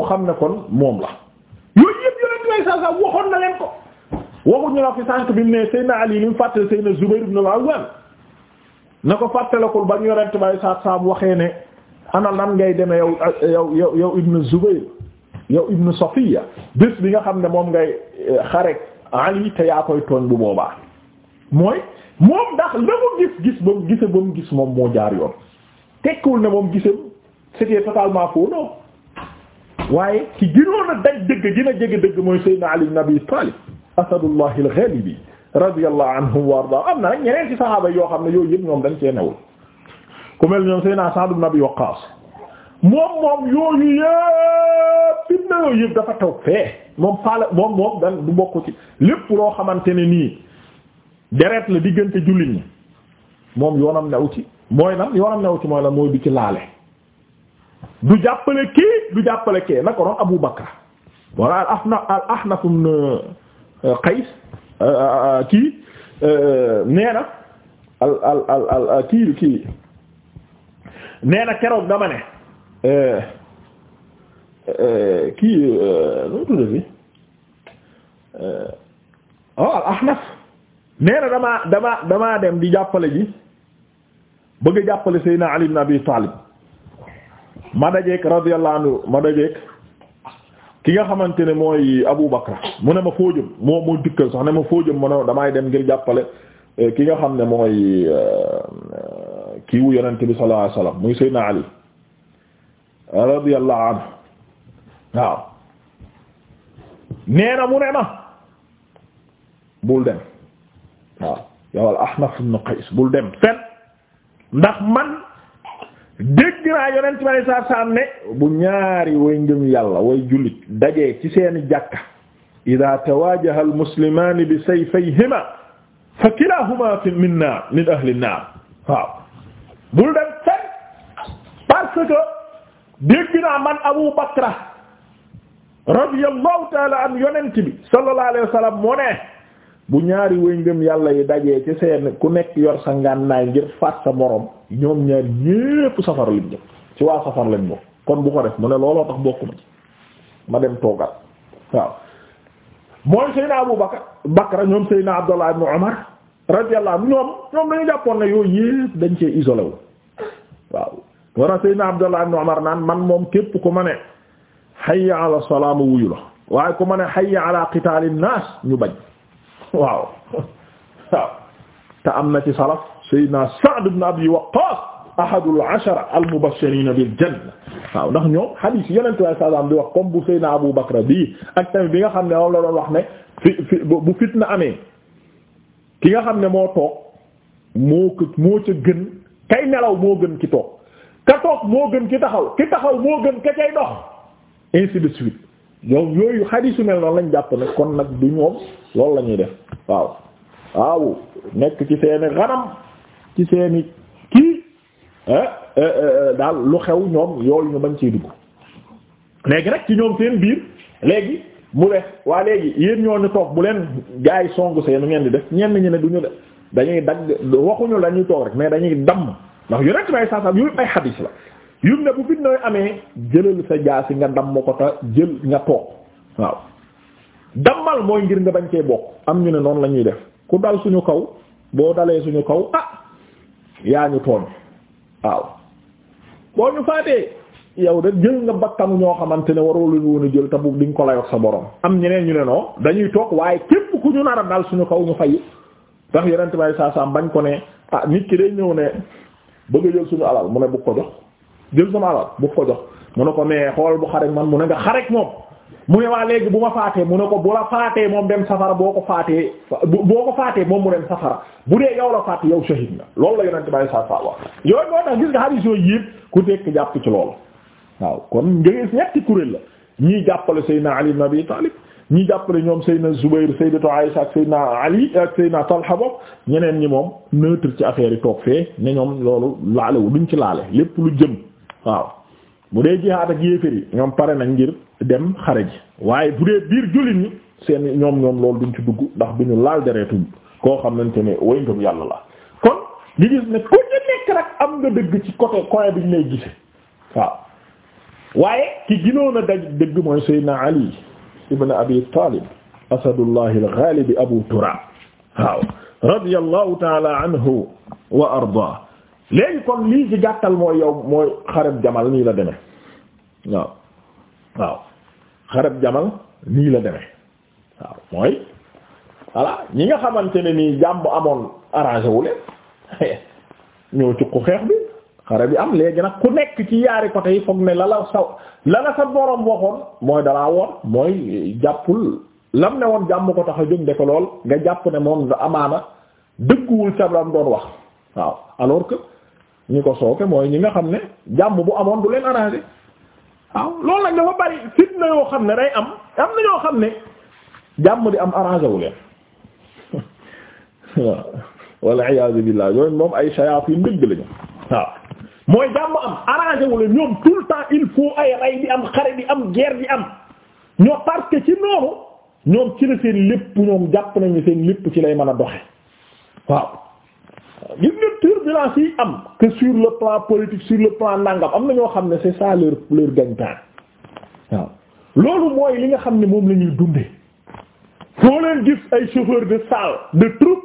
boo xam ne kon moom la yooyu yëpp yonent way sa sa waxoon na leen ko waxuñu la fi sànq bi mu ne Seydina Ali li mu na ko fàttalikul ba ñu yonent bay sa sa waxee ne ana lan ngay demee yow yow yow yow Zubayr yow Ibn Safiya bés bi nga xam ne moom ngay eh, xarek Ali te yaa koy tooñ bu boobaa mooy moom ndax la mu gis gis ba mu gise ba mu gis moom moo jaar yoon tekkiwul ne moom gisam c'était totalement faux non waaye ci gënoon a daj dëgg gën a jege dëgg mooy Seydina Ali ibn Abi Talib asadullahi al-ghalibi radiyallahu anhu wa arda am na nag ñeneen ci saxaaba yoo xam ne yooyu yëpp ñoom dañ cee newul ku mel ñoom Seydina Sa'd ibn Abi Waqqas moom moom yooyu yëpp it na yooyu yëpp dafa toog moom faala moom moom dan du bokk ci lépp loo xamante ne nii deret la diggante jullit ñi moom yoonam new ci mooy lan yoonam new ci mooy lan mooy du ci laale du jàppale kii du jàppale kii naka noonu Abu Bakr wala al afna ahnaf euh, euh, euh, kii nee na al kii kii nee na keroog bi oh al ahnaf nee na damaa damaa dem di jàppale ji bëgg a jàppale Seydina Ali ibn Abi Talib ma dajeek radiyallahu anhu ma dajeek ki nga xamante ne mooy Abu Bakra mu ne ma foo jëm moo moo dikkal sax ne ma foo jëm ma ne damay dem ngir jàppale eh, ki nga xam ne mooy eh, kii wu yonent bi sallallahu alayhi muy Seydina Ali radiyallahu anhu waaw nee na mu ne ma bul dem waaw yowal Ahnaf ibn Qays bul dem fen ndax man dégg naa yonent ma ne saa saa ne bu ñaari way ngëm yàlla way jullit dajee ci seeni jàkka ida tawajaha al muslimaani bi sayfayhima fa kilahuma min ahli naar waaw bul dem fen man abu bakra radiyallahu taala an yonent bi sallallahu alayhi wa sallam moo bu ñaari way yàlla yi dajee ci seen ku nekk yor sa ngànnaay ngir faat sa morom ñoom ñaar ñépp safara lañ jëm ci waa safar lañ bokk kon bu ko def mu ne looloo tax bokkuma ci ma dem toogal waaw mooy Seydina Abu Bakar Bakra ñoom Seydina Abdullah ibn Umar radiyallahu anhu ñoom ñoom dañu jàppoon ne yooyu yépp dañ cee isolé waaw war a Seydina Abdullah ibn naan man moom képp ku ma ne hayya ala salaamu wuyu la waaye ku ma ne hayya ala qitaalin ñu bañ waaw waaw te am na ci salaf sayyidina Sa'd ibn Abi Waqqas ahadul ashara al mubashirina bil janna waaw ndax ñoom hadith yonentu Yàlla sallallahu alayhi wasallam di wax comme bu Seydina Abu Bakr bii ak tamit bi nga xam ne moom la doon wax ne fi fi bu fitna amee ki nga xam ne moo toog moo ko moo ca gën kay nelaw moo gën ki toog ka toog moo gën ki taxaw ki taxaw moo gën ka cay dox ainsi de suite ñoom yooyu xadiis yu mel noonu lañ jàpp ne kon nag du ñoom loolu la ñuy def waaw waaw nekk ci seeni xanam ci seeni kii eh, eh, eh, daal lu xew ñoom yooyu ñu bañ ciy dugg léegi nag ci ñoom seen biir léegi mu ne waa léegi yéen ñoo ñu toog bu leen gaa yi songu seen nu ngeen di def ñenn ñi ne du duñu def dañuy dagg waxuñu la ñuy toog rek mais dañuy damm ndax yu rek may saasam yooyu ay xadiis la yum ne bu fitnooy amee jëlal sa jaasi nga damm ko ta jël nga toog waaw dammal mooy ngir nga bañ cee bokk am ñu ne noonu lañuy def ku dal suñu kaw boo dalee suñu kaw ah yaa ñu tooñ waaw boo ñu faatee yow de jël nga bakkanu ñoo xamante ne waroo lu ñu woon a jël te bu di nga ko layoog sa boroom am ñeneen ñu ne non dañuy toog waaye képp ku ñu nar a dal suñu kaw ñu fay tax yeneen bay saa bañ ko ne ah nit ki day ñëw ne bëgg a jël suñu alal mu ne bu ko jël sama alal bu ko jox mu ne ko mais xool bu xarek man mu ne nga xarek moom mu ne waa léegi bu ma faatee mu ne ko bu la faatee moom dem safara boo ko faatee boo ko faatee moom mu dem safara bu dee yow la faat yow shahid na loolu la yonente bàyyi sa sa wax yooyu moo tax gis nga hadith ku ci loolu waaw kon nga gis ñetti kuréel la jàppale Seydina Ali ibn Abi Talib ñii jàppale ñoom Seydina Zubayr Sayyidatu Aïsha ak Seydina Ali ak Seydina Talha bopp ñeneen ñi moom neutre ci affaire yi toog fee ñoom loolu laalewu duñ ci laale lépp lu jëm waaw bu dee jihaad ak yéeféer yi ñoom pare nañ ngir dem xare ji waaye bu dee biir jullit ñi seen ñoom ñoom loolu duñ ci dugg ndax du ñu laal deretu koo xamante ne way ngëm yàlla la kon li gis ne ku ñu nekk rek am nga dëgg ci côté coin bi ñu lay gise waaw waaye ki ginoon a daj dëgg mooy Seydina Ali ibn Abi Talib asadullah al-ghalib Abu Turab waaw radiyallahu ta'ala anhu wa ardaa léegi kon lii ci gàttal mooy yow mooy xareb jamal nii la demee waaw waaw jamal nii la demee mooy voilà ñi nga xamante ne nii jàmm amoon arrangé wu leen ñëw ci ku xeex bi xare bi am léegi nag ku nekk ci yaari côté yi foog ne la la sa la la sa borom waxoon mooy dalaa woon mooy jàppul lam ne woon jàmm ko tax a jóg ko lool nga jàpp ne moom da amaana dëgguwul sa lam doon wax waaw alors que ñi ko sooke mooy ñi nga xam ne jàmm bu amoon bu leen arrangé waaw loolu nag dafa bari fitna yoo xam ne day am am na ñoo xam ne jàmm di am arrangé wu leen waaw walla iyaazu billaah yooyu moom ay sayaatin dëgg lañu waaw mooy jàmm am arrangé leen ñoom tout temps il faut ay rey di am xare di am guerre di am ñoo parce ci noonu ñoom ci la seen lépp ñoom jàpp nañu seen lépp ci lay mën a doxe waaw gis nga turbulence yi am que sur le plan politique sur le plan nangam am na ñoo xam ne c'est ça leur leur gagne-pain waaw loolu mooy li nga xam ne moom la ñuy dundee foo leen gis ay chauffeur de salle de troupe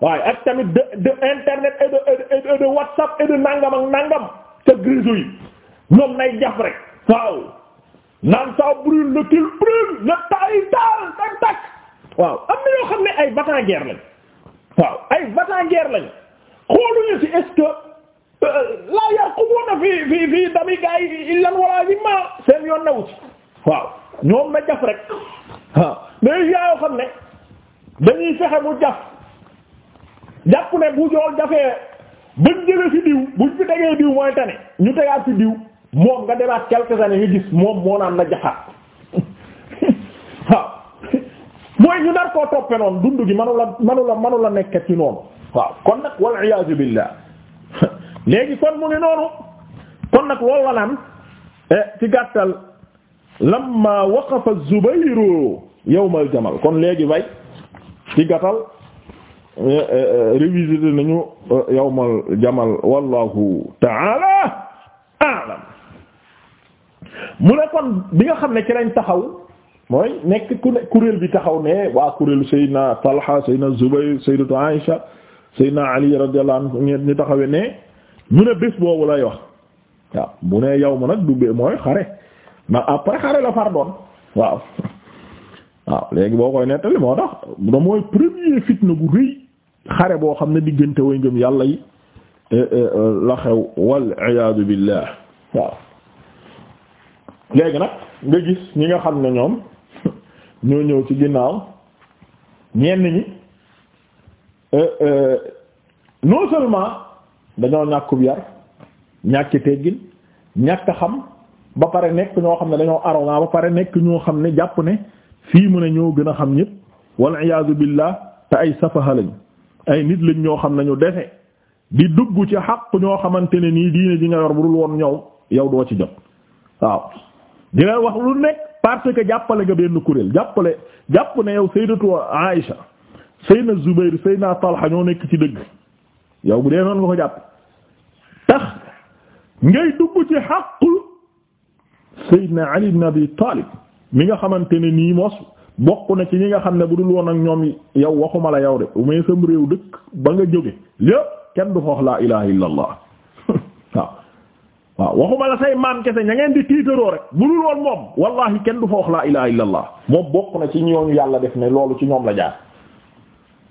waaye ak tamit de de internet et de et de WhatsApp et de nangam ak nangam ca réseau yi ñoom nay jaf rek waaw naan ça brûle le taal tak tak waaw am na ñoo xam ne ay batailleur lañ. waaw ay vatanguère lañu xooluñu ci est-ce que euh, laa yarqubuna fi fi fi dami gaay illan wala zimma seen yoon nawu ci waaw ñoom na jaf rek waaw mais yaayoo xam ne dañuy fexe mu jaf jàpp ne bu jool jafee bañ jële ci diw buñ fi tegee diw mooy tane ñu tegaat ci diw moom nga demaat quelques années nga gis moom moo naan na jafaat mooy ñu nar koo toppe noonu dund gi manu la manu la manu la nekk ci noonu waaw kon nag wal iyaazu billah léegi kon mu ngi noonu kon nag loolu la naan eh, ci gàttal lamma waqafa Zubayru yawmal jamal kon léegi way ci gàttal eh, eh, révisité nañu yawmal jamal wallahu ta'ala a'lam mu ne kon bi nga xam ne ci lañ taxaw mooy nekk ku ne kuréel bi taxaw ne waa kuréelu Seydina Talha Seydina Zubayr Sayyidatu Aisha Seydina Ali radiyallahu anhu ñu taxawee ne ñu ne bés boobu lay wax waaw bu ne yow ma nag du bee mooy xare ndax après xare la far waaw waaw léegi boo koy nettali moo tax da premier fitna bu rëy xare boo xam ne diggante way ngëm yàlla yi e, e, e, la xew wal waaw léegi nag nga gis ñi nga xam ne ñoom ñoo ñëw ci ginnaaw ñenn ñi euh, euh, non seulement dañoo ñàkkub yar ñàkk teggin ñàkk xam ba pare nekk ñoo xam ne dañoo arrogant ba pare nekk ñoo xam ne jàpp ne fii mu ne ñoo gën a xam ñëpp wal iyaadu billah te ay safaha lañ ay nit lañ ñoo xam nañu ñu defe di dugg ci xaq ñoo xamante ne nii diine ji nga yor bu dul woon ñëw yow doo ci jot waaw di leen wax lu nekk parte que jàppale nga benn kuréel jàppale jàpp ne yow sayyidatu Aïsha sayyidna Zubayr sayyidna Talha ñoo nekk ci dëgg yow bu dee noonu nga ko jàpp tax ngay dugg ci xàqul sayyidna Ali ibn Abi Talib mi nga xamante ne nii mos bokk na ci ñi nga xam ne bu dul woon ak ñoom yow waxuma la yow de mais sam réew dëkk ba nga jóge lépp kenn du xoox laa ilaha illa allah waaw waaw waxuma la say maam kese ña ngeen di tiitaroo rek bu dul woon moom wallahi kenn du fa wax laa ilaha illallah moom bokk na ci ñooñu yàlla def ne loolu ci ñoom la jaar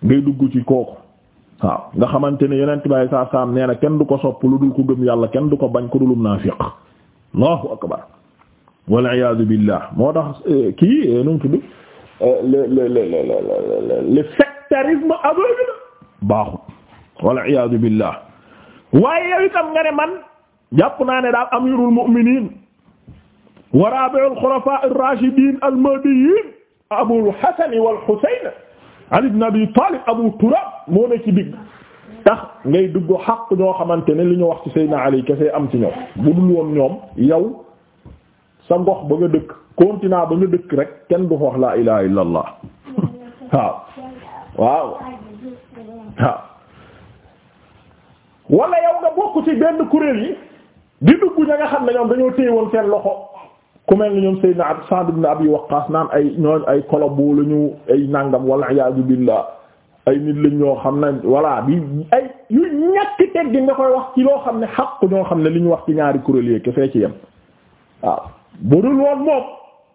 ngay dugg ci kooku waaw nga xamante ne yeneen tubaab saa saam nee na kenn du ko sopp lu dul ko gëm yàlla kenn du ko bañ ko dul munaafiq allahu akbar wal iyaadu billah moo tax euh, kii euh, nu mu tudd euh, le le le le le sectarisme aveugle baaxut wal iyaadu billah waaye yow itam jàpp naa ne daal amirul mu'minin wa rabi'ul khulafa' ar-rashidin al-mahdiyyin wal husayn ali ibn abi talib abu turab moo ne ci digg tax ngay dugg xaq ñoo xamante ne li ñu wax ci sayyidina ali kese am ci ñoom bu dul woon ñoom yow sa ngox ba nga dëkk continent ba nga dëkk rek kenn du wax laa ilaa illa allah waaw waaw waaw nga bokk ci benn kuréel yi di dugg ña nga xam ne ñoom dañoo téye woon seen loxo ku mel ni ñoom Seydina Sa'd ibn Abi Waqqas naan ay ñooñ ay koloboo lañu ay nàngam walla iyaazu billaah ay nit lañ ñoo xam ne voilà bi ay yu ñàkk teggin nga koy wax ci loo xam ne xaq ñoo xam ne li ñu wax ci ñaari kuréel yi kefee ci yem waaw bu dul woon moom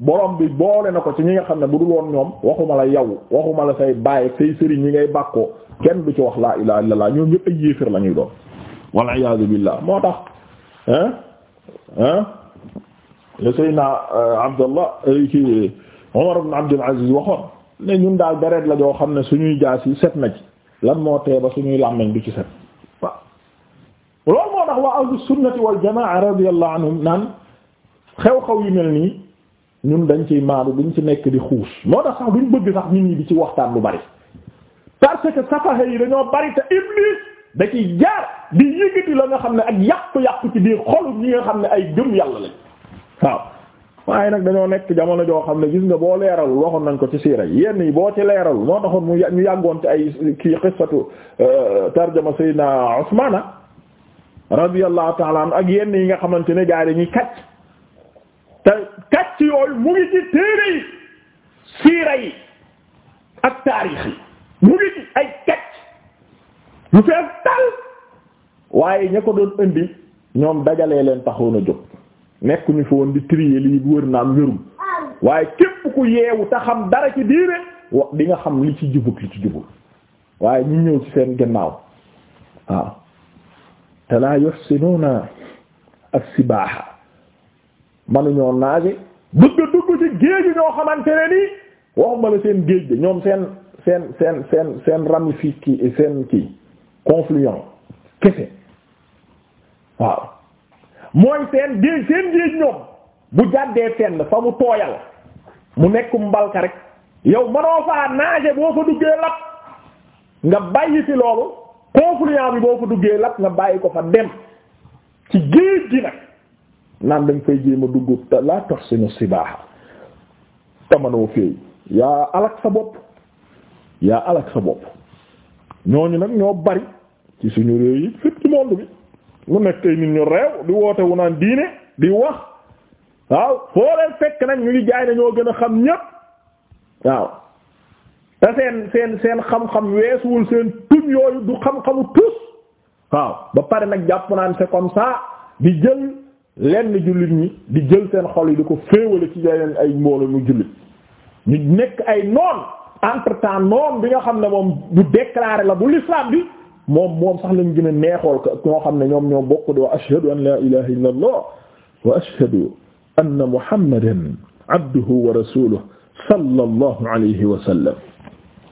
borom bi boole na ko ci ñi nga xam ne bu dul woon ñoom waxuma la yow waxuma la say baay say sëriñ ñi ngay bàkkoo kenn du ci wax laa ilaaha illallaah ñoom ñëpp ay yéefar la ñuy ah ah le Seydina euh, Abdallah euh, ki Umar ibn Abdul Aziz waxoon ne ñun daal deret la joo xam ne suñuy jaas yi set na ci lan moo tee ba suñuy làmmiñ du ci set waaw loolu moo tax waa ahlu sunnati wal jamaa radiyallahu anhum naan xew-xew yu mel nii ñun dañ ciy maanu duñ ci nekk di xuus moo tax sax duñ bëgg sax nit ñi di ci waxtaan lu bari parce que safaxe yi dañoo bari te iblis da ci jaar di yëgati la nga xam ne ak yàqu-yàqu ci biir xolu ñi nga xam ne ay gëm yàlla lañ waaw waaye nag dañoo nekk jamono joo xam ne gis nga boo leeralul waxoon nañ ko ci siira yenn yi boo ci leeralul moo taxoon mu ñu yàggoon ci ay kii xisatu euh, tarjama sayyidina Usmaana radiyallahu ta'ala anhu ak yenn yi nga xamante ne gaa yi dañuy kàcc te kàcc yooyu mu ngi ci téere yi siira yi ak taarix mu ngi ci ay kàcc yu fees tal waaye ña ko doon indi ñoom dajalee leen taxoon a jóg nekkuñu fi woon di trier lii wër naam wérul waaye képp ku yeewu te xam dara ci diine wa di nga xam li ci jubut li ci jubul waaye ñu ñëw ci seen gannaaw waaw te laa yuhsinuna as-sibaha manuñoo naage bëgg a dugg ci géeju ñoo xamante ne nii waxuma la seen géej de ñoom seen seen seen seen seen ramifié seen kii confluent kese waaw mooy seen géej seen géej ñoom bu jàddee fenn fa mu tooyal mu nekkum mbalka rek yow manoo faa naage boo fa duggee lap nga bàyyi fi loolu confluent bi boo fa duggee lap nga bàyyi ko fa dem ci géej gi nag naan dañ fay jéema dugg te laa tox sinu sibaaxa tamanoo féey yaa alak sa bopp yaa alak sa bopp ñooñu nag ñoo bari ci suñu réew yi fépp ci monde bi mu nekk nit ñu réew di woote wu naan diine di wax waaw foo leen fekk nag ñu ni jaay ne ñoo gën a xam ñépp waaw te seen seen seen xam-xam weesuwul seen tuñ yooyu du xam-xamu tus waaw ba pare nag jàpp naan c'est comme ça di jël lenn jullit ñi di jël seen xol yi di ko féewale ci ay mbooloo mu jullit ñu nekk ay noon entre temps noon bi nga xam ne moom bu déclaré la bu l'islam bi moom moom sax lañ gën a neexool ñoo xam ne ñoom ñoo bokk di wa ashhadu an la ilaha illa allah wa ashhadu anna muhammadan abduhu wa rasuluhu sallallahu alayhi wa sallam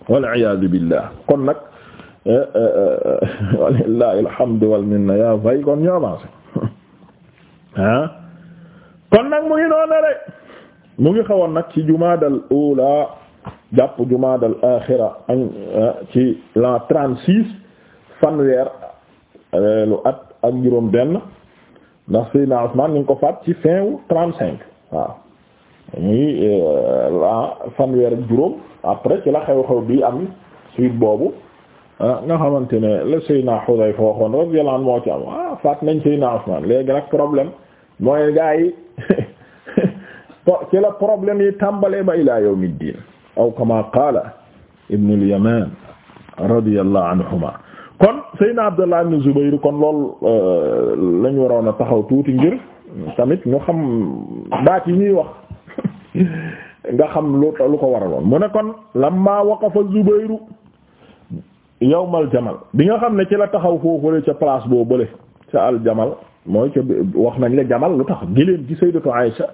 wal iyaazu billah kon nag eh, eh, eh, walillahi alhamdu wal minna yaa fay kon ñu avancé ah kon nag mu ngi noonu rek mu ngi xawoon nag ci jumaadal ula jàpp jumaadal axira añ ah, ci l'an trente-six fanweer eh, lu at ak juróom benn ndax Seydina Usmaan ñu ko faat ci fin wu trente-cinq waaw muy eh, la fanweer juróom après ci la xew-xew bi am suite boobu ah, nga xamante ne la Seydina Xudayfa waxoon radiyallahu anhu moo ci am ah, faat nañ Seydina Usmaan léegi nag problème mooy gaa ci la problème yi tàmbalee ba ilaa yawmi diin aw kama qaala ibnu al-Yamaan radiyallahu anhuma kon Seydina Abdallah ibn Zubayr kon lool euh, lañu waroon a taxaw tuuti ngir tamit ñu xam baat yi ñuy wax nga xam lu lu ko waraloon mu ne kon lamma waqafa Zubayr yawmal jamal bi nga xam ne ci la taxaw foofule ca place boo bële ca al jamal mooy ca wax nañ la jamal lu tax giléem ci sayyidatu Aisha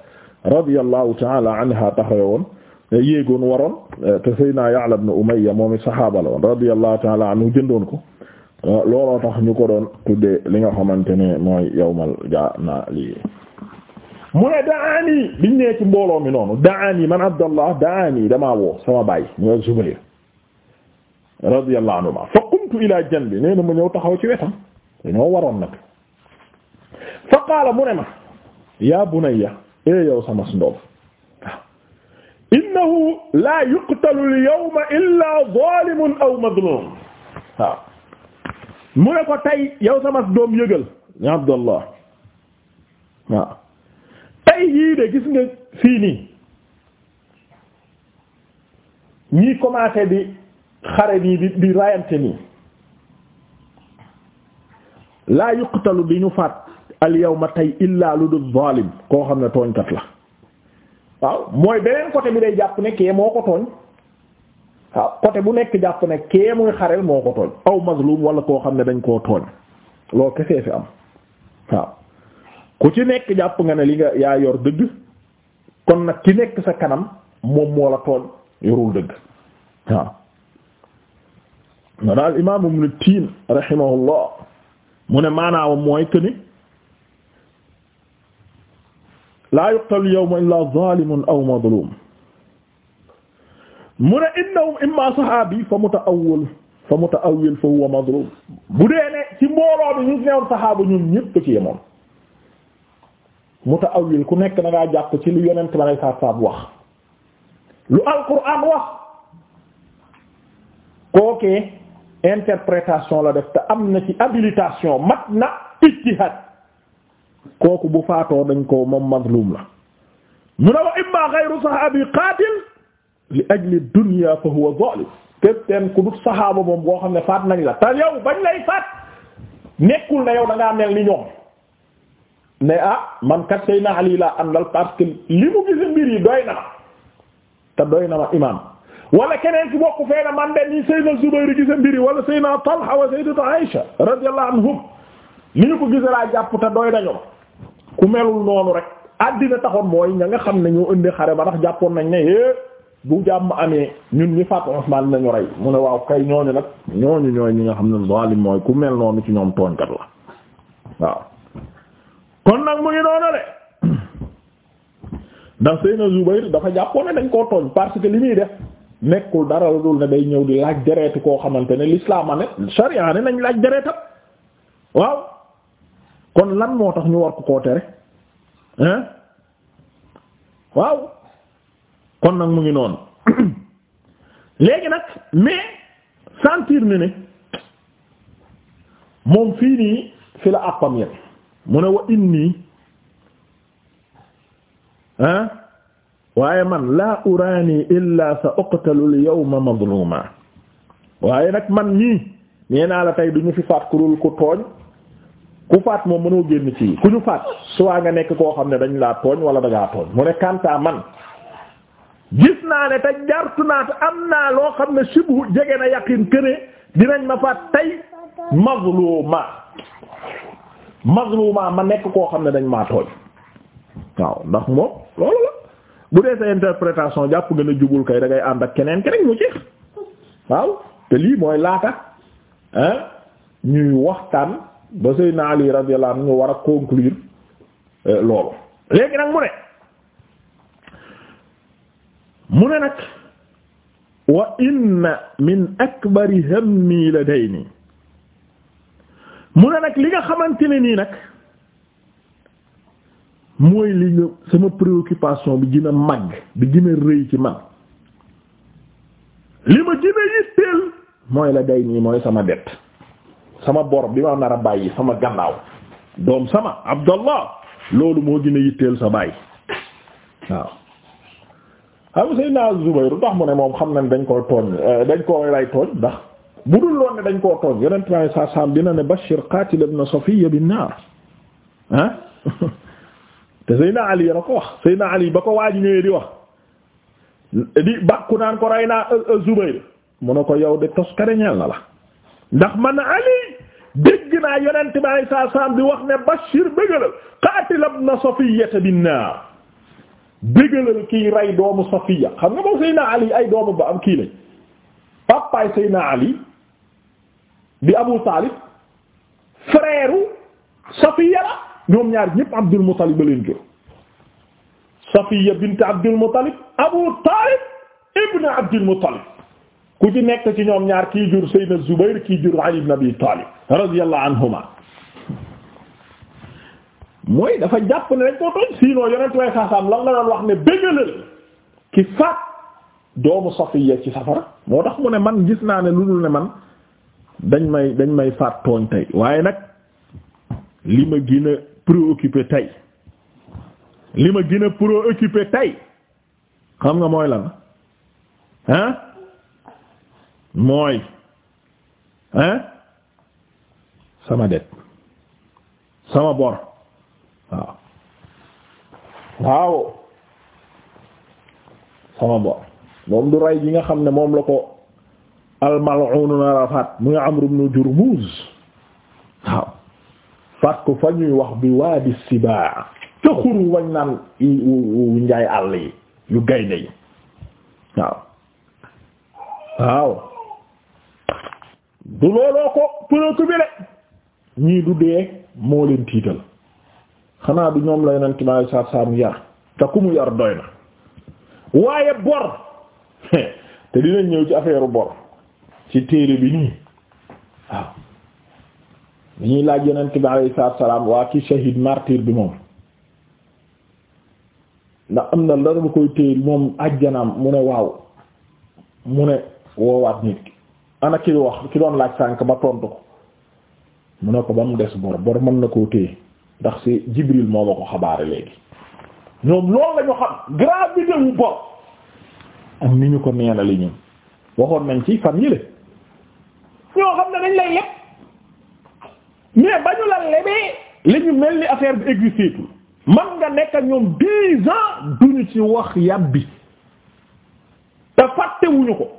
radiyallahu ta'ala anha taxawoon yéegoon waroon te Seydina Ya'la ibn Umayya moom i saxaaba la woon radiyallahu ta'ala anhu jëndoon tax ñu ko doon tuddee li nga xamante ne mooy yawmal janaali mu ne daani biñ nee ci mbooloo mi noonu daani man Abdallah daani damaa sama baay mu Zubayr radiyallahu anhuma fa qumtu ila janbi nee na ma ñëw taxaw ci wetam dañoo waroon nag fa qaala mu ne ma yaa bunayya e yow sama ndoom innahu la yuqtalu al yawma illa zalimun aw mazlum waaw mu ne ko tey yow sama doom yëgal ya Abdallah waaw tey yii de gis nga fii nii ñii commencé di xare nii di di rayante nii la yuqtalu di ñu faat al yawma tey illa lu dul zalim koo xam ne tooñkat la waaw mooy beneen côté bi day jàpp ne kee moo ko tooñ waaw côté bu nekk jàpp ne kee muy xareel moo ko tooñ aw mazlum wala koo xam ne dañ koo tooñ loolu kese fi am waaw ku ci nekk jàpp nga ne li nga yaa yor dëgg kon nag ci nekk sa kanam moom moo la tooñ yorul dëgg waaw mana al imam ibn tin rahimahullah mu ne maanaam mooy këni laa yuqtalu yawma illaa zaalimun aw mazluum mu ne innahum imma saxaabi fa mutaawwil fa mutaawwil fa huwa bu dee ci mbooloo ñu newoon saxaaba ñun ñëpp ci yemoon mutaawwil ku nekk da ngaa ci lu yonent ba lay saab wax lu la def te am na ci habilitation mat na kooku bu faatoo dañ ko moom mazlum la mu ne wa imma ghayru sahabi qatil li ajli dunya fa huwa zalim képpteen ku dut sahaaba moom boo xam ne faat nañ la te yow bañ lay faat nekkul na yow da mel ni ñoom ne ah man kat say na laa àndal parce que li mu gis mbir yi doy na ma te doy na ma imam wala keneen ci bokk fee na man de ni Seydina Zubayr gis mbir yi wala Seydina Talha wa Sayyidatu Aisha radiyallahu anhum ni ñu ko gis laa jàpp te doy ku melul noonu rek àddina taxoon mooy ña nga xam ne ñoo indi xare ba ndax jàppoon nañ ne é eh, bu jàmm amee ñun ñi faat Usman nañu rey mu ne waaw kay ñooñu nag ñooñu ñooy ñi nga xam ne zalim mooy ku mel noonu ci ñoom tooñkat la waaw kon nag mu ngi noonu ndax Seyna Zubayr dafa jàppoon ne dañ koo tooñ parce que li ñuy def nekkul dara lu dul ne day ñëw di laaj deretu koo xamante ne l'islam ne sharia ne nañ laaj deretam waaw kon lan moo tax ñu war ko koo tere hein waaw kon nag mu ngi noonu léegi nag mais sentir ni ne moom fii nii fi la àppam yépp mu ne wa inni hein waaye man laa uraani illa sa uqtalu al yawma madluma waaye nag man ñii nee naa la tey du ñu fi faat kurul ku tooñ ku faat moom mënoo génn ci ku ñu faat soit nga nekk koo xam ne dañ laa tooñ wala da ngaa tooñ mu ne Kanta man gis naa ne te jartu naa te am naa loo xam ne sibhu jege na yaqin këne dinañ ma faat tey mazluma mazluma ma nekk koo xam ne dañ maa tooñ waaw ndax moom loolu la bu dee sa interprétation jàpp nga ne jubul kay da ngay ànd ak keneen keneen mu jeex waaw te lii mooy laata ah ñuy waxtaan. ba Seydina Ali radiyallahu anhu ñu war a conclure euh, loolu léegi nag mu ne mu ne nag wa inna min akbari hammi ladayni mu ne nag li nga xamante ne nii nag mooy li nga sama préoccupation bi gën a màgg bi gën a rëy ci man li ma gën a yitteel mooy la day nii mooy sama det sama bor bi ma nar a bàyyi sama gannaaw doom sama abdallah loolu moo gën yitteel sa bàyyi waaw am Seydina Zubayr ndax mu ne moom xam na nañ dañ koo tooñ euh, dañ koo lay ndax bu dul loon ne dañ koo tooñ yonent naa saa saam dina ne bashir qatil ibn Safiyya bin naar ah te Seydina Ali yana ko wax Seydina Ali ba ko waaji ñëwee di wax di bàkku naan ko rey naa euh, euh, Zubayr mu ne ko yow de tos na la ndax man ali dégg naa yonent bi alayhi salaam bi wax ne bashir bégalal qaatil ibn Safiyyata binnaar bégalal kii rey doomu Safiya xam nga moom Seydina Ali ay doomu ba am kii Ali bi Abu Taalib frère Safiya la ñoom ñaar ñëpp Abdul Muttalib leen jur Safiya bint Abdul Abu Taalib ku ci nekk ci ñoom ñaar kii jur Seydina Zubayr kii jur Ali ibn Abi Talib radiyallahu anhuma mooy dafa jàpp ne dañ koo tooñ sinon yonent way saasaam lan la doon wax ne bëggalal ki faat doomu Safiya ci safara moo tax mu ne man gis naa ne lu dul ne man dañ may dañ may faat tooñ tey waaye nag li ma gën a préoccupé tey li ma gën a préoccupé tey xam nga mooy lan ah mooy hein sama det sama bor waaw waaw sama bor moom du rey ji nga xam ne moom la ko almal'un rafat mu nga Amr ibn Jurmuz waaw fat ko fa ñuy wax bi waadi sibaa te xuru wañ naan njaay àll yi yu gaynde yi waaw waaw du looloo ko préoccupé de ñii du dee moo leen tiital xanaa du ñoom la yonent ma ay saar yar te ku mu yar doy na waaye bor te dinañ ñëw ci affaire bor ci téere bi nii waaw ñuy laaj yonent bi alayhi salaam waa ki shahid martyr bi moom ndax am na la dama koy téye moom ajjanaam mu ne waaw mu ne woowaat nit ana ki wax ki doon laaj sànk ma tontu ko mu ne ko ba mu des bor bor mën na koo téye ndax si Jibril moo ma ko xabaare léegi ñoom loolu la xam gravité wu bor ak ni ñu ko neenali ñun waxoon nañ ci fan ñoo xam ne dañ lay leb mais ba ñu la lebee li ñu mel ni affaire bi existé tout man nga nekk ak ñoom dix ans duñu ci wax yàbbi te fàttewuñu ko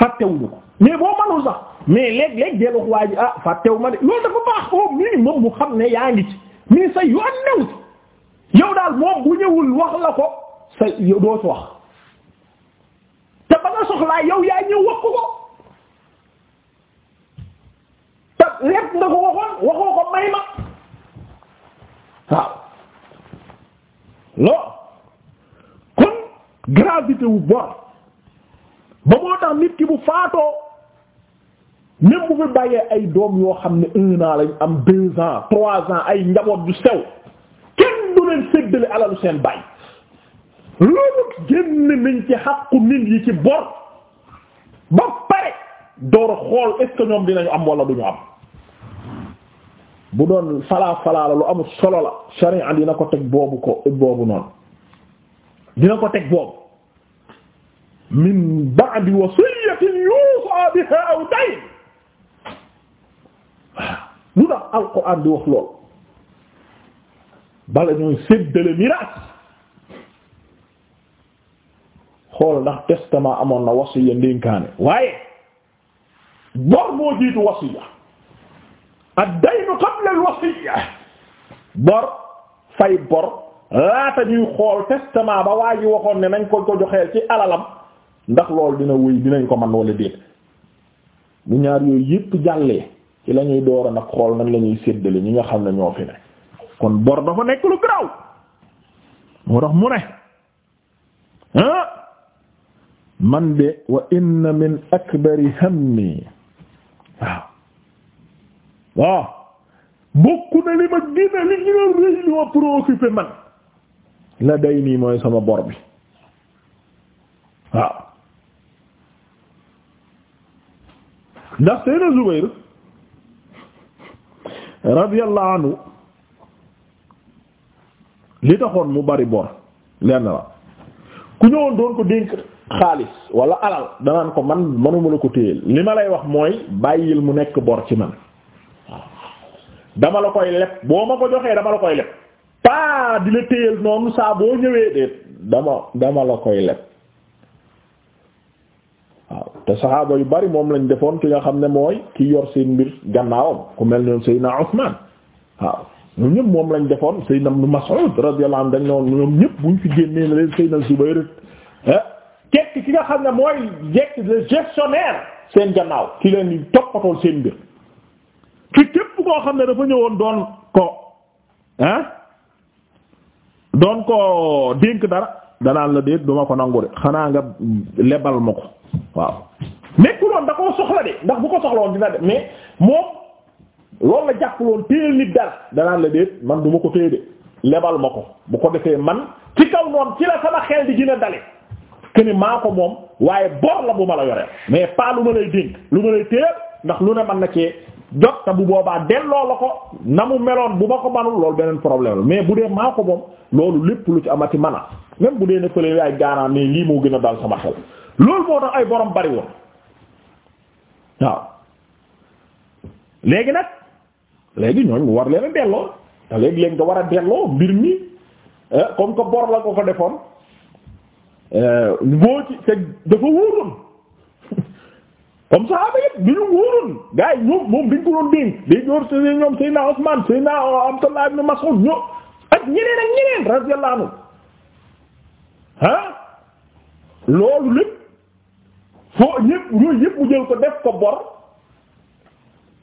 fàttewuñu ko mais boo mënul sax mais léeg-léeg dee wax waa ah fàttewu ma de loolu dafa baax au oh, minimum mu xam ne yaa ngi ci mais sa yoon new yow daal moom bu wax la ko sa doo wax te ba nga soxlaa yaa ñëw wax ko ko te lépp nga ko waxoon waxoo ko may ma waaw loo kon gravité wu bor ba moo tax nit ki bu faatoo même bu fi bàyyee ay doom yoo xam ne un an lañ am deux ans trois ans ay njaboot du sew kenn du leen séddale alalu seen bàyyi loolu génn nañ ci xàqu nit yi ci bor ba pare door xool est-ce que am wala duñu am bu doon falaa falaa la lu amul solo la sharia dina ko teg boobu ko boobu noonu dina ko teg boobu min ba'di wasiyatin yuusaa bihaa aw dayn lu tax alquran di wax lool bala ñooy séddale miraas xool ndax testament amoon na wasiya ndénkaane waaye bor moo jiitu wasiya ad-daynu qabla al-wasiya bor fay bor laata ñuy xool testament ba waa ji waxoon ne nañ ko ko joxeel ci alalam ndax lool dina wéy dinañ ko man wala déet bu ñaar yooyu yépp jàllee ci la ñuy nag xool nañ la ñuy séddale ñu nga xam ne ñoo fi ne kon bor dafa nekk lu graw moo tax mu ne ah, man de wa inna min akbari hammi waaw bokk na li ma gina li gina rëy li ma man la day nii mooy sama bor bi waaw ndax Seydina Zubayr radiyallahu anhu li taxoon mu bari bor lenn la ku ñëwoon doon ko dénk xaalis wala alal danaan ko man manuma la ko téyeel li ma lay wax mooy bàyyil mu nekk bor ci man dama la koy leb boo ma ko joxee dama la koy leb paa di la téyeel noonu saa boo ñëwee déet dama dama la koy leb te saxaaba yu bari moom lañ defoon ki nga xam ne mooy ki yor seen mbir gannaawam ku mel noonu Seydina Usmaan waaw ñëpp moom lañ defoon Seydina Ibn Mas'ud radiyallahu anhu dañ ne woon ñoom ñëpp buñ fi génnee na leen Seydina Zubayr ah eh, kekk ki nga xam ne mooy seen gannaaw ki leen di toppatool seen mbir ki képp koo xam ne dafa ñëwoon doon ko ah doon ko dénk dara danaan la déet duma ko nangu de xanaa nga lebal ma ko waaw nekkuloon da koo soxla de ndax bu ko soxla woon dina de mais moom loolu la jàppaloon téyel nit dal danaan la déet man du ma ko téye de lebal ma ko bu ko defee man ci kaw noonu ci la sama xel di gën a dale kene maa ko moom waaye bor la bu ma la yoreel mais pas lu ma lay dénk lu ma lay téyel ndax lu ne mën na cee jot te bu boobaa delloo la ko na mu meloon bu ma ko manul loolu beneen problème la mais bu dee maa ko moom loolu lépp lu ci amati mana même bu dee ne fële yaay gaanaa mais lii moo gën a dal sama xel loolu moo tax ay borom bari woon waaw léegi nag léegi ñooñu war leen a delloo te léegi leen nga war a delloo mbir mi eh, comme que bor la ko ko defoon boo eh, ci te dafa wóoroon comme saxaaba yëpp bi ñu wóoroon gars yi ñoom moom dañ ko doon dénk day door seen ñoom Seydina Usman Seydina eh, Abdullah ibn Mas'ud ñoo ak ñeneen ak ñeneen radiyallahu anhu ah loolu lépp. foo ñëpp ñooñu yëpp mu jël ko def ko bor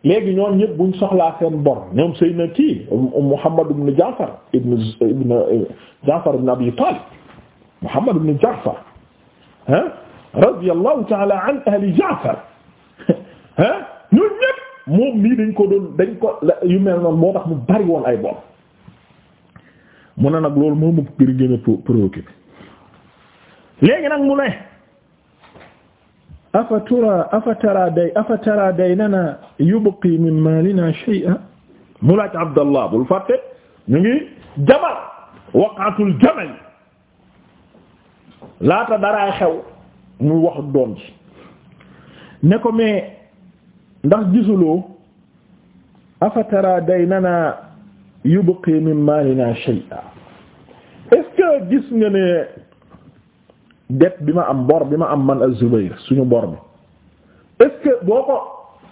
léegi ñoom ñëpp buñ soxlaa seen bor ñoom Seydina kii Muhammad ibn Jaafar ibn ibn Jaafar ibn Abi Talib Muhammad ibn Jaafar ah radiyallahu ta'ala an ahli Jaafar ah ñun ñëpp dañ ko dañ ko yu mel moo tax mu bari woon ay bor mu ne nag loolu moom mu gën a préoccupé léegi nag mu afatura afatara day afatara daynana yubqi min maalina shay'a mu laaj Abdallah bul fàtte ñu ngi jamal waqatul jamal laata daraa xew mu wax doom ji ne ko mais ndax gisuloo afatara daynana yubqi min maalina shay'a est-ce que gis nga ne det bi ma am bor bi ma am man az-Zubayr suñu bor bi est boo ko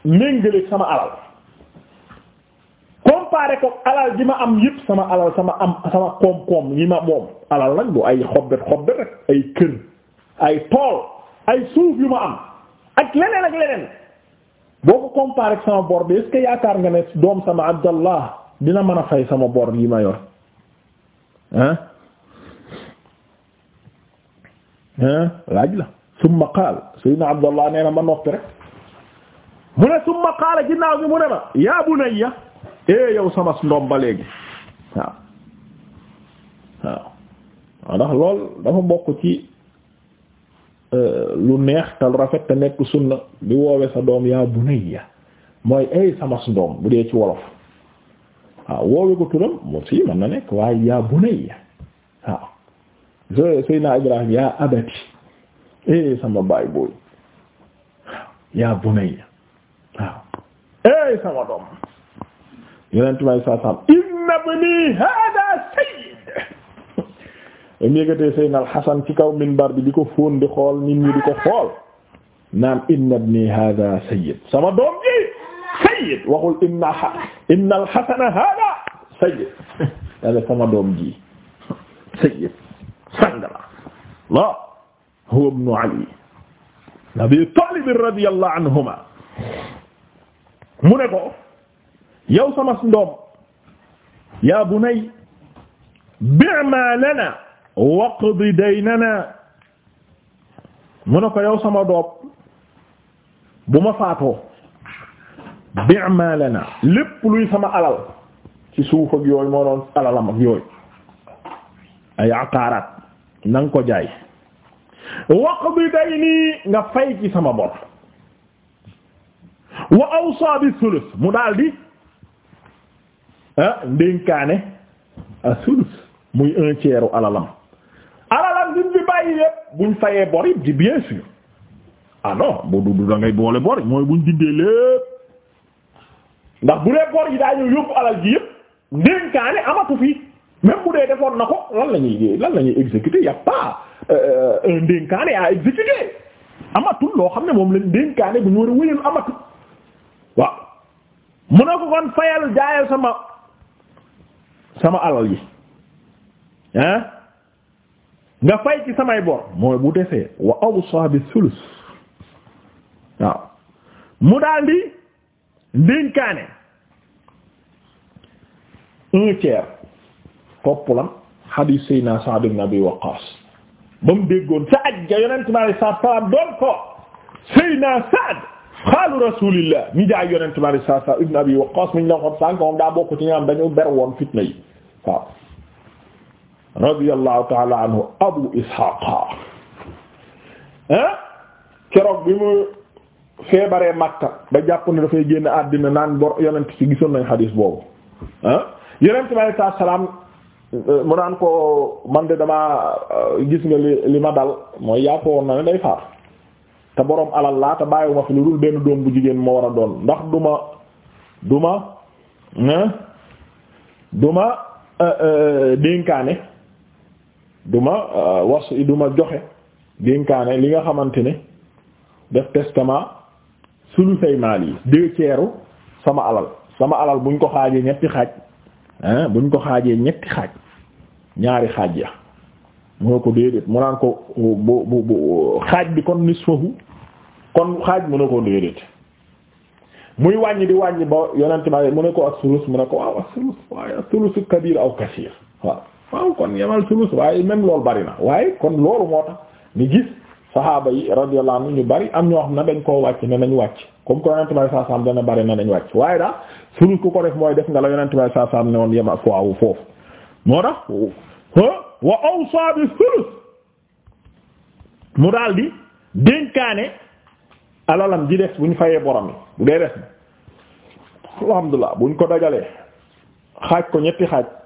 méngaleeg sama alal compare ko alal bi ma am yëpp sama alal sama am sama koom-koom yi ma moom alal lañ bu ay xobbet xobbet rek ay kër ay tool ay suuf yu ma am ak leneen ak leneen boo ko comparé sama bor bi est yaakaar nga ne doom sama Abdallah dina mën a fay sama bor yi ma yor ah laaj la summa qaal sayyidina Abdallah nee na ma noppi rek mu ne summa qaala ginnaaw gi mu ne ma yaa bunayya ee eh, yow sama ndoom ba léegi waaw waaw ndax lool dafa bokk ci euh, lu neex tal rafet te nekk sunna bi woowe sa doom yaa bunayya mooy ay eh, sama ndoom bu dee ci wolof waaw woowe ko turam mo si man na nekk waaye yaa bunayya waaw Seydina Ibrahim yaa abati eh sama baay booy yaa bunayya waaw eh sama doom yeneen tubaab saa saam inna ibni hada sayyid mu yëgatee Seydina Al-Hasan ci kaw bar bi di ko fóon di xool nit ñi di ko xool naam inna ibni hada sayyid sama doom ji sayyid waxul inna inna Al-Hasan hada sama doom ji sayyid sang la la huwa ibnu ali abi talib radiyallahu anhuma mu ne ko yow sama ndoom yaa bunay bi'ma lana waqdi daynana mu ne ko yow sama doom bu ma faatoo bi'ma lana lépp luy sama alal ci suuf ak yooyu moo doon alalam ak yooyu ay aqaaraat na ko jaay wax bi day nii nga fay ci sama bor wa awsa bi sulus mu daldi ah ndénkaane a sulus muy un tiers alalam alalam din bi bàyyi yépp buñ fayee bor yi bien sûr ah bu du da boole bor yi mooy buñ dindee lépp ndax bu bor yi daa ñëw yóbbu alal ji yépp ndénkaane amatu fi même bu dee defoon na ko lan la ñuy lan la ñuy exécuter y a pas euh, un dénkaane à loo xam ne moom lañ dénkaane bu ñu war a wéyal amatul waaw mu ne ko kon fayal jaayal sama sama alal yi ah nga fay ci samay bor mooy bu desee wa awsa bi sulus waaw mu daal di dénkaane un tiers topp lan hadith sayna Sa'd ibn Abi Waqqas ba mu déggoon sa ajja yonent bi alayhi salaatu salaam doon ko sayna Sa'd xaalu jaay yonent bi alayhi salaatu Abi Waqqas mi ñu la waxoon sànq moom daa bokk ci ñaam dañu ber woon fitna yi waaw radiyallahu ta'ala Abu Ishaqa ah keroog bi mu feebaree Makka ba jàpp ne dafay génn àddina naan bor yonent ci gisoon nañ hadith boobu ah yonent bi alayhi salaam mu naan ko man de damaa euh, gis nga li li ma dal mooy yàpp woon na ne day faatu te boroom alal laata te bàyyiwuma fi lu dul benn doom bu jigéen moo war a doon ndax duma duma duma euh, euh, dénkaane duma was duma joxe dénkaane li nga xamante ne def testament sulu say maal yi deux tiers sama alal sama alal buñ ko xaajee ñetti xaaj buñ ko xaajee ñetti xaaj ñaari xaaj ya moo ko déedéet mu naan ko bu bu bu xaaj bi kon nisfahu kon xaaj mu ne ko déedéet muy wàññi di wàññi ba yonent ma mu ne ko ak sulus mun ne ko waaw as-sulus waaye as-sulus kabir aw kasir waaw waaw kon yemal sulus waaye même lool bari na waaye kon loolu moo tax ni gis saxaaba yi radiyallahu anhu ñu bari am ñoo xam ne dañ koo wàcc ne nañ wàcc comme que yonent ma saa saam dana bari na nañ wàcc waaye daal sulus ku ko def mooy def nga la yonent bay saa saam ne woon yem ak foofu moo tax wa awsa bi sulus mu daal di alalam ji des bu ñu fayee borom yi bu dee des na alhamdulilah bu ñu ko dajalee xaaj ko ñetti xaaj